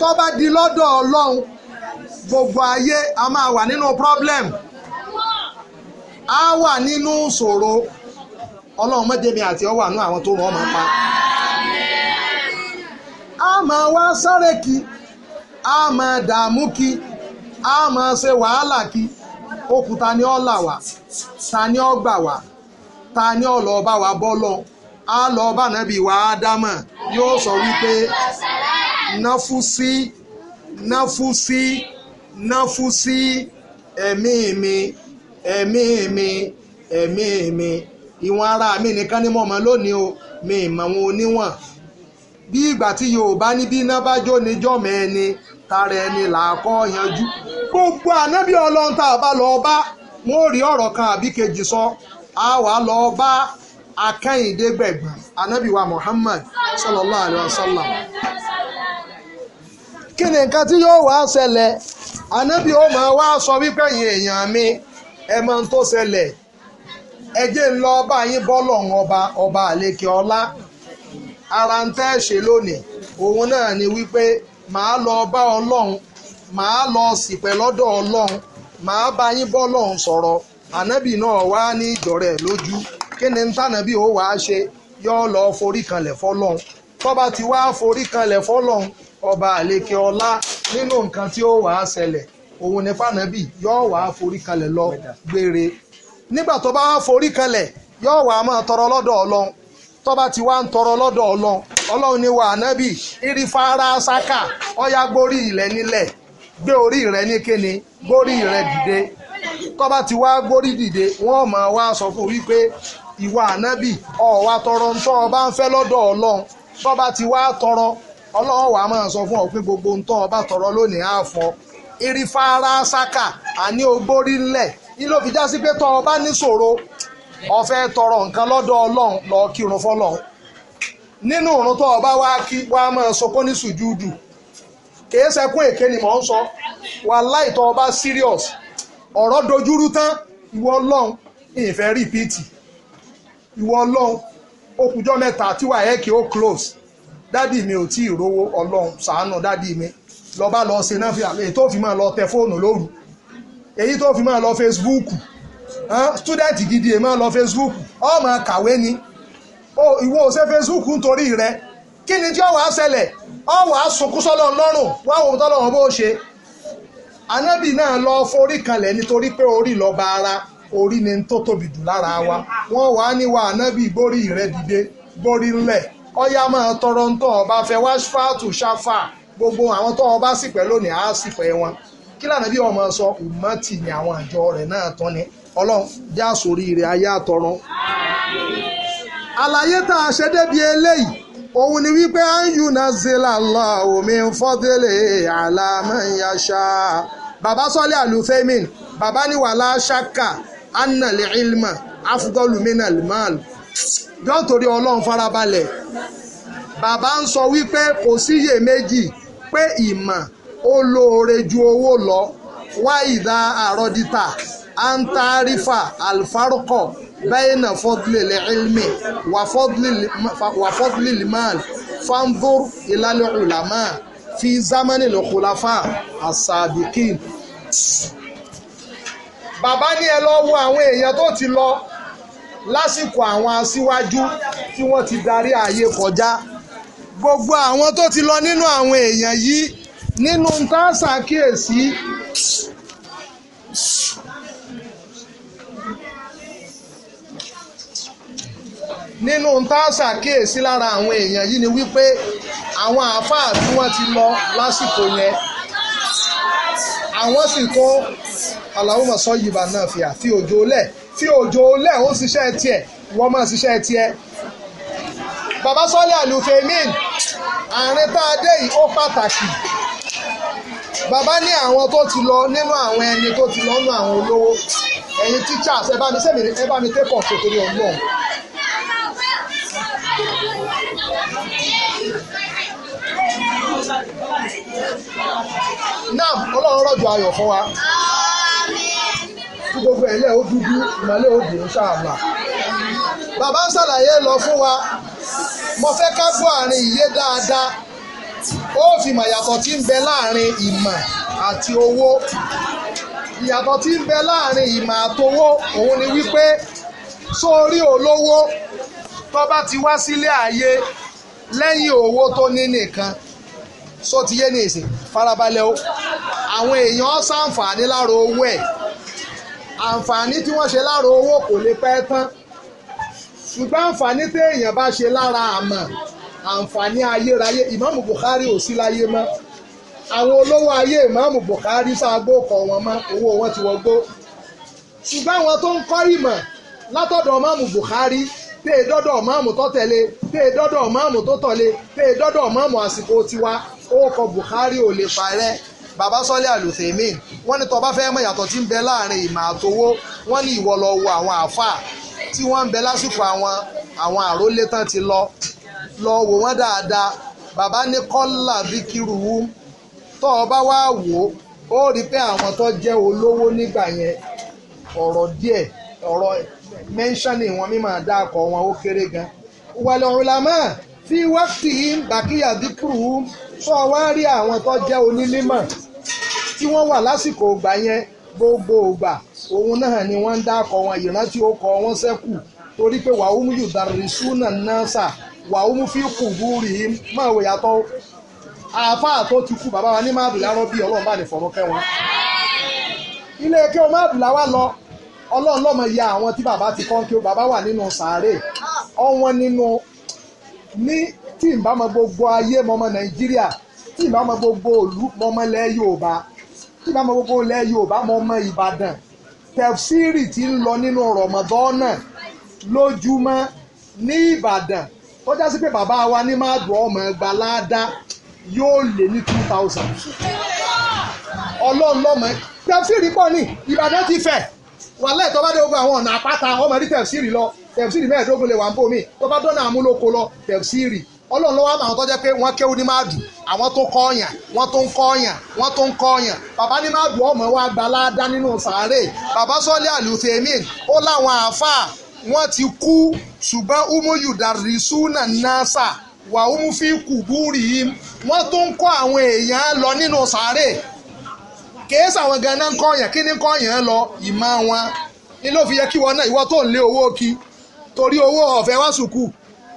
tó bá di lọ́dọ̀ ọlọ́run gbogbo ayé a máa wà nínú problem. No A wà nínú ìṣòro ọlọ́run mọ́jẹ́mi àti ọwọ́ àánú àwọn tó rán ọmọ pa. a máa wá sáré kí a máa dààmú kí a máa ṣe wàhálà kí òkúta ni ó là wá ta ni ó gbà wá ta ni ó lọ bá wa bọ́ lọ a lọ bá nàbí wa ádámà yóò sọ wípé náfúsí náfúsí náfúsí ẹ̀mí mi ẹ̀mí mi ẹ̀mí mi ìwọ̀n ara mi nìkan ni mo mọ̀ lónìí o mi mọ̀ wọn oníwọ̀n bí ìgbà tí yorùbá ní bí iná bá jó ní jọ́mọ̀ ẹni tara ẹni làákọ́ yanjú gbogbo ànábì ọlọ́run tá a bá lọ bá wọn ò rí ọ̀rọ̀ kan àbí kejì sọ a wà lọ bá akẹ́yìndé gbẹ̀gbọ̀n ànábì wa muhammad sallallahu alayhi wa sallam kí ni nǹkan tí yóò wá ṣẹlẹ̀ ànábì ó máa wá sọ wípé èèyàn mi ẹ mọ ohun tó ṣẹlẹ̀ ẹ ń lọ ọba yín bọ́lọ̀ ọba ọba àlekè ọlá ara ń tẹ́ ṣe lónìí òun náà ni wípé màá lọ bá ọlọ́run màá lọ sìpẹ́ lọ́dọ̀ ọlọ́run màá bá yín bọ́lọ́run sọ̀rọ̀ ànábì náà wá ní ìjọ̀rẹ́ lójú kí ni tànábì ó wàá ṣe lọ forí kanlẹ̀ fọlọ́run tọ́ba ti wá forí kanlẹ̀ ọba àlekè ọlá nínú nǹkan tí ó wàá ṣẹlẹ̀ òun ní fànàbì yóò wá forí kalẹ̀ lọ gbére nígbà tó bá forí kalẹ̀ yóò wá máa tọrọ lọ́dọ̀ ọlọ. tó bá ti wá ń tọrọ lọ́dọ̀ ọlọ́run ọlọ́run ní wà irifara saka ọ̀yá gbórí ilẹ̀ nílẹ̀ gbé orí rẹ ní kíni gbórí dìde tó bá ti wá gbórí dìde wọ́n máa wá sọ fún tọrọ ń tọ́ ọ bá ń fẹ́ lọ́dọ̀ ọlọ́run tó tọrọ ọlọ́run wà máa sọ fún ọ pé gbogbo ń tọ́ ọ bá tọrọ erifara saka àní a ńlẹ̀ ilé òfin pé tọ́ ọ bá níṣòro tọrọ nǹkan lọ́dọ̀ ọlọ́run lọ kírun fọlọ́run nínú òrùn to ọba wa kí wa máa sọkọ́ ní sùjúdù kìí ni mò ń sọ wàláhì tó ọba serious dojúrú tán ìwọ rìpíìtì ìwọ ó close dádì mi ò tí ì lọ bá lọ se náà fi èyí tó fi máa lọ tẹ fóònù lóru èyí tó fi máa lọ Facebook student gidi èyí máa lọ Facebook ọ máa kàwé ni ìwọ ò ṣe Facebook nítorí rẹ kí ni tí ó wàá ṣẹlẹ̀ ọ wàá sunkún sọ́lọ́ lọ́rùn wá wo tọ́lọ́run bó ṣe anábì náà lọ forí kanlẹ̀ nítorí pé orí lọ bá ara orí ni tó tóbi jù lára wa wọ́n wàá níwà anábì gbórí rẹ dìde gbórí ńlẹ̀ ọyá máa tọrọ ń tọ́ ọba fẹ́ wáṣífàtù ṣáfà gbogbo àwọn tó wọn bá sì pẹ́ lónìí á sì pẹ́ wọn kí lànà bí ọmọ sọ ùmọ́tì ni àwọn àjọ rẹ̀ náà tán ni ọlọ́run já sórí rẹ̀ ayé àtọ̀run. àlàyé tá a ṣe débi eléyìí òun ni wípé anyu nazila Allahu min fadli ala man yasha bàbá sọ́lé àlùfẹ́mìn bàbá ní wàhálà ṣáka annali ilma afdalu minal mal torí ọlọ́run farabalẹ̀ bàbá ń sọ wípé kò síyè méjì pé ìmọ̀ ó lóore ju owó lọ wá ìdá àròdìtà antarifa alfarukọ bẹ́ẹ̀nà fọ́dúlẹ̀ ilmi wà fọ́dúlẹ̀ mal fandur ìlàlẹ̀ ulama fi zamani lọ́kùláfà asabikin. bàbá ní ẹ lọ wo àwọn èèyàn tó ti lọ lásìkò àwọn aṣíwájú tí wọ́n ti darí ààyè kọjá gbogbo àwọn tó ti lọ nínú àwọn èèyàn yìí nínú tá a ṣàkíyèsí nínú tá a ṣàkíyèsí lára àwọn èèyàn yìí ni wípé àwọn àáfàá tí wọ́n ti lọ lásìkò yẹn àwọn sì kó aláwùmọ̀ sọ yìí bá náà fi àfi òjò lẹ̀ fi òjò lẹ̀ ó ṣiṣẹ́ tiẹ̀ wọ́n máa ṣiṣẹ́ tiẹ̀ bàbá sọ́lé àlùfẹ́mìn àárín tá a dé yìí ó pàtàkì bàbá ní àwọn tó ti lọ nínú àwọn ẹni tó ti lọ nínú àwọn olówó ẹ̀yin teachers ẹ bá mi sẹ́mi ẹ bá mi tẹ́kọ̀ tó torí ọgbọ́n. náà ọlọ́run rọ̀jò ayọ̀ fún wa tí gbogbo ẹ̀lẹ́ ó dúdú ìmọ̀lẹ́ ó dùn sáà bàbá ń ṣàlàyé lọ fún wa mo fẹ́ ká gbọ́ àárín iye dáadáa ó fi mọ̀ yàtọ̀ tí ń bẹ láàrin ìmọ̀ àti owó ìyàtọ̀ tí ń bẹ láàrin ìmọ̀ àtowó òun ni wípé sórí olówó tó bá ti wá sílé ayé lẹ́yìn owó tó ní nìkan só ti yé ní èsì farabalẹ̀ o àwọn èèyàn ṣàǹfààní lára owó ẹ̀ àǹfààní tí wọ́n ṣe lára owó kò lè pẹ́ tán ṣùgbọ́n àǹfààní téèyàn bá ṣe lára àmọ́ àǹfààní ayérayé ìmáàmù Bukhari ò sí láyé mọ́ àwọn olówó ayé ìmáàmù Bukhari sáàgbó kọ̀ wọ́n mọ́ owó wọn ti wọgbó ṣùgbọ́n àwọn tó ń kọ́ ìmọ̀ látọ̀dọ̀ ìmáàmù Bukhari tẹ́ ẹ dọ́dọ̀ ìmáàmù tó tẹ̀lé tẹ́ ẹ dọ́dọ̀ ìmáàmù tó tọ̀lé tẹ́ ẹ dọ́dọ̀ ìmáàmù àsìkò tiwa ó kọ Bukhari ò lè parẹ́ bàbá sọ́lé àlùfẹ́mí wọ́n ní tó bá fẹ́ mọ̀ yàtọ̀ tí ń tí wọ́n ń bẹ lásìkò àwọn àwọn àrólé tán ti lọ lọ wò wọ́n dáadáa bàbá ní kọ́là bíkírù wú tó o bá wá wò ó ó rí pé àwọn tó jẹ́ olówó nígbà yẹn ọ̀rọ̀ díẹ̀ ọ̀rọ̀ mẹ́ńsánì wọn mímọ̀ dáàkọ̀ wọn ó kéré gan wàlẹ̀ ọ̀rùlámà fi wákìtì yìí bàkíyà bíkírù wú tó o wá rí àwọn tó jẹ́ onílímọ̀ tí wọ́n wà lásìkò ìgbà yẹn gbogbo ìgbà òun náà ni wọ́n ń dákọ̀ wọn ìrántí ó kọ wọ́n sẹ́kù torí pé wàhùnmú yùdàrìsú náà náà sà wàhùnmú fi kù búrì máwèé yàtọ̀ àáfàá tó ti kú bàbá wa ní máàdùlá rọ́bì ọlọ́run bá ní fọ̀rọ̀ kẹ́ wọn. ilé kí o máàdùlá wa lọ ọlọ́run lọ́mọ ya àwọn tí bàbá ti kọ́ńkí o bàbá wà nínú sàárè ọ̀wọ́n nínú ní tí n bá mọ gbogbo ayé mọmọ nàìjíríà tí n bá mọ gbogbo òlú mọmọ ilẹ̀ yorùbá tí n bá mọ gbogbo ilẹ̀ yorùbá mọmọ ìbàdàn tẹfsiri tí ń lọ nínú rọmọdọ́nà lójúmọ́ ní Ìbàdàn tó já sí pé bàbá wa ní máa dùn ọmọ ẹgbàá ládàá yóò lé ní two thousand ọlọ́run lọ́mọ tẹfsiri pọ̀ ní Ìbàdàn ti fẹ̀ wàhálà ìtọ́ bá dé ogun àwọn ọ̀nà àpáta ọmọ rí tẹfsiri lọ tẹfsiri mẹ́ẹ̀ẹ́dógún lè wà ń bò mí tó bá dọ́nà àmúlòkọ lọ tẹfsiri ọlọ́run ló wá àwọn tó jẹ́ pé wọ́n kéwú ní máàdù àwọn tó kọ́ ọ̀yàn wọ́n tó ń kọ́ ọ̀yàn wọ́n tó ń kọ́ ọ̀yàn bàbá ní máàdù ọmọ wa gba aláàdá nínú sàárè bàbá sọ́lé àlùfẹ́mìn ó láwọn àáfàá wọ́n ti kú ṣùgbọ́n umuyu darisu na nasa wà umufi kùbúrì yìí wọ́n tó ń kọ́ àwọn èèyàn lọ nínú sàárè kèé sàwọn ganan ń kọ́ ọ̀yàn kí ni ń kọ́ ọ̀yàn lọ ìmọ̀ wọn kí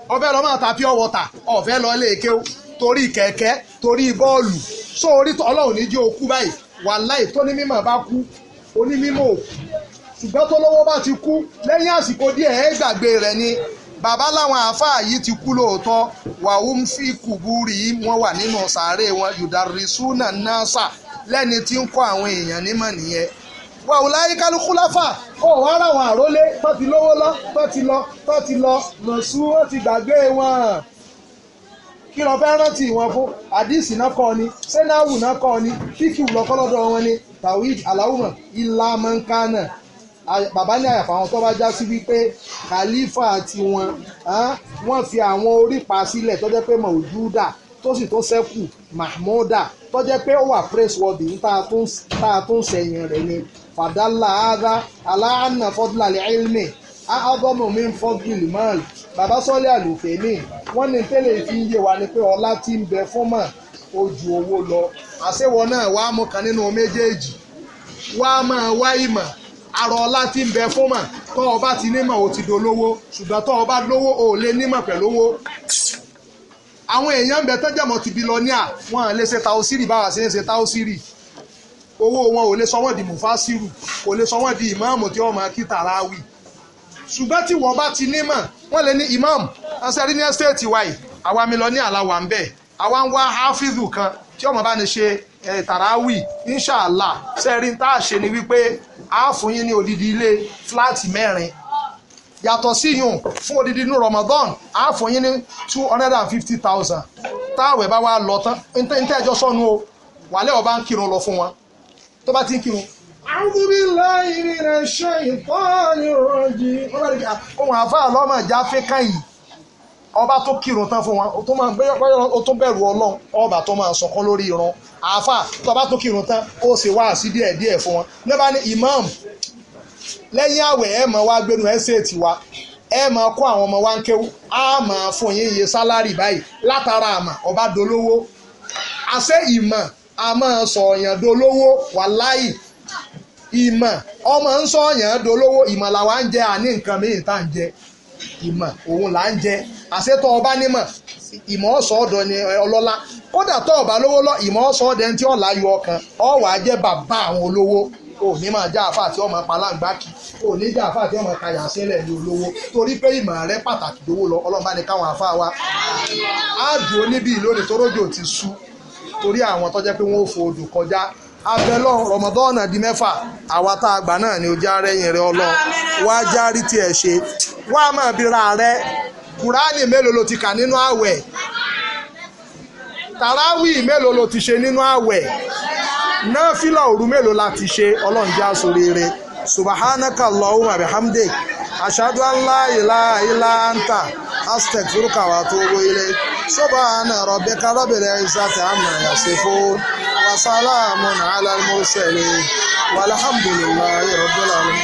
ọfẹ́ lọ́mọ ta pure water ọ̀fẹ́ lọ ilé ike torí kẹ̀kẹ́ torí bọ́ọ̀lù so orí ọlọ́run ní jẹ́ okú báyìí wàláì tó ní mímọ̀ bá kú onímímọ̀ òkú ṣùgbọ́n tó lówó bá ti kú lẹ́yìn àsìkò díẹ̀ ẹ gbàgbé rẹ̀ ni bàbá làwọn àáfàá yìí ti kú lóòótọ́ wàhùn fi kùbúrì wọn wà nínú sàárè wọn yùdàrísùnà náà sà lẹ́ni tí ń kọ́ àwọn èèyàn nímọ̀ nìyẹn wà ó láyé kálukú láfà ó wà á ràwọn àrólé wọ́n ti lówó lọ wọ́n ti lọ wọ́n ti lọ mọ̀sú wọ́n ti gbàgbé wọn kí lọ fẹ́ rántí wọn fún àdìsí náà kọ́ ni sẹ́náwù náà kọ́ ni fíkìwù lọ́kọ́lọ́dọ̀ wọn ni tawhid aláwùmọ̀ ilá mọ́ńkánà bàbá ní àyàfà àwọn tó bá já sí wípé khalifa tiwọn wọ́n fi àwọn orípa sílẹ̀ tó jẹ́ pé mọ̀ọ́dúdà tó sì tó sẹ́kù mahmuda tó jẹ́ pé ó wà praiseworthy tá a tún sẹ́yìn rẹ̀ ni fàdálà áádá aláàánà fọdúlà lẹ́ẹ̀lmì áádọ́mù mi ń fọ́gìlì mọ́ọ̀l bàbá sọ́lé àlùfẹ́ mi wọ́n ní tẹ́lẹ̀ fi ń yé wa ni pé ọlá ti ń bẹ fún mọ̀ ojú owó lọ àṣewọ náà wàá mú kan nínú méjèèjì wàá máa wá ìmọ̀ àrò ọlá ti ń bẹ fún mọ̀ tọ́ ọba ti nímọ̀ ò ti dolówó ṣùgbọ́n tọ́ ọba lówó ò lè nímọ̀ pẹ̀lówó àwọn èèyàn ń bẹ tọ́jọ́mọ̀ ti bí lọ ní à wọ́n lè ṣe taosiri báwa ṣe ń ṣe taosiri owó wọn ò lè sọ wọ́n di mufasiru kò lè sọ wọ́n di ìmáàmù tí wọ́n máa kí tàràwì ṣùgbọ́n tí wọ́n bá ti nímọ̀ wọ́n lè ní ìmáàmù ansari ní ẹ́stéètì wa yìí àwa mi lọ ní àlàwà ń bẹ̀ àwa ń wá hafizu kan tí wọ́n bá ní ṣe tàràwì inshàlá sẹ́rí tá a ṣe ni wípé a fún yín ní odidi ilé fúláàtì mẹ́rin yàtọ̀ sí yùn fún odidi inú Ramadan a fún yín ní two hundred and fifty thousand táwẹ̀ bá wà lọ tán ní tẹ́jọ́ sọ́nu o wàlẹ́ ọba ń kírun lọ fún wọn tó bá ti ń kírun àwùjọbí láì rí rẹ̀ ṣe ìfọ́ọ̀nì rọ̀jì. wọ́n bá rí i ohun àfáà lọ́mọ ìjà fẹ́kàn yìí ọba tó kírun tán fún wọn tó máa gbẹ́yọ́ ó tún bẹ̀rù ọlọ́run ọba tó máa sọ̀kan lórí irun àáfà tọba tó kírun tán ó ṣe wá sí díẹ̀ díẹ̀ fún wọn lọ́ba ní imam lẹ́yìn àwẹ̀ ẹ̀ máa wá gbénu ẹ́sẹ̀tì wa ẹ̀ máa kó àwọn ọmọ wa ń kéwú á máa fún yín iye sálárì báyìí látara àmà ọba dolówó àṣẹ ìmọ̀ a máa sọ ọ̀yàn dolówó wàláì ìmọ̀ ọmọ ń sọ ọ̀yàn dolówó ìmọ̀ làwa ń jẹ àní nǹkan míì tá ń jẹ ìmọ̀ òun là ń jẹ àṣetọ́ ọba nímọ̀ ìmọ̀ ọ̀sọ̀ ọ̀dọ̀ ni ọlọ́lá kódà tó ọba lówó lọ ìmọ̀ ọ̀sọ̀ ọ̀dẹ̀ tí ọ̀la yọ ọkàn ọ̀wà jẹ́ bàbá àwọn olówó òní máa já àfáà tí ọmọ palangba kì òní já àfáà tí ọmọ kàyà sílẹ̀ ní olówó torí pé ìmọ̀ rẹ pàtàkì lówó lọ ọlọ́mọba ni káwọn àfáà wa á dùn ó níbí lónìí tó rójò ti sú torí àwọn tó jẹ́ pé wọ́n ò fò odò kọjá abẹ́lọ́ rọmọdọ́ọ̀nà di mẹ́fà àwa tá a gbà náà ni ojú ara ẹ̀yìn rẹ ọlọ́ wá járí tí ẹ ṣe wá máa bi ra rẹ kùránì mélòó lo ti kà nínú àwẹ̀ tàràwì mélòó lo ti ṣe nínú àwẹ̀ náà fílà òru mélòó la ti ṣe ọlọ́run já sórí rẹ subhanaka allahumma bihamdik ashhadu an la ilaha illa anta astaghfiruka wa atubu ilayk subhana rabbika rabbil izzati amma yasifun wa salamun ala al mursalin walhamdulillahi rabbil alamin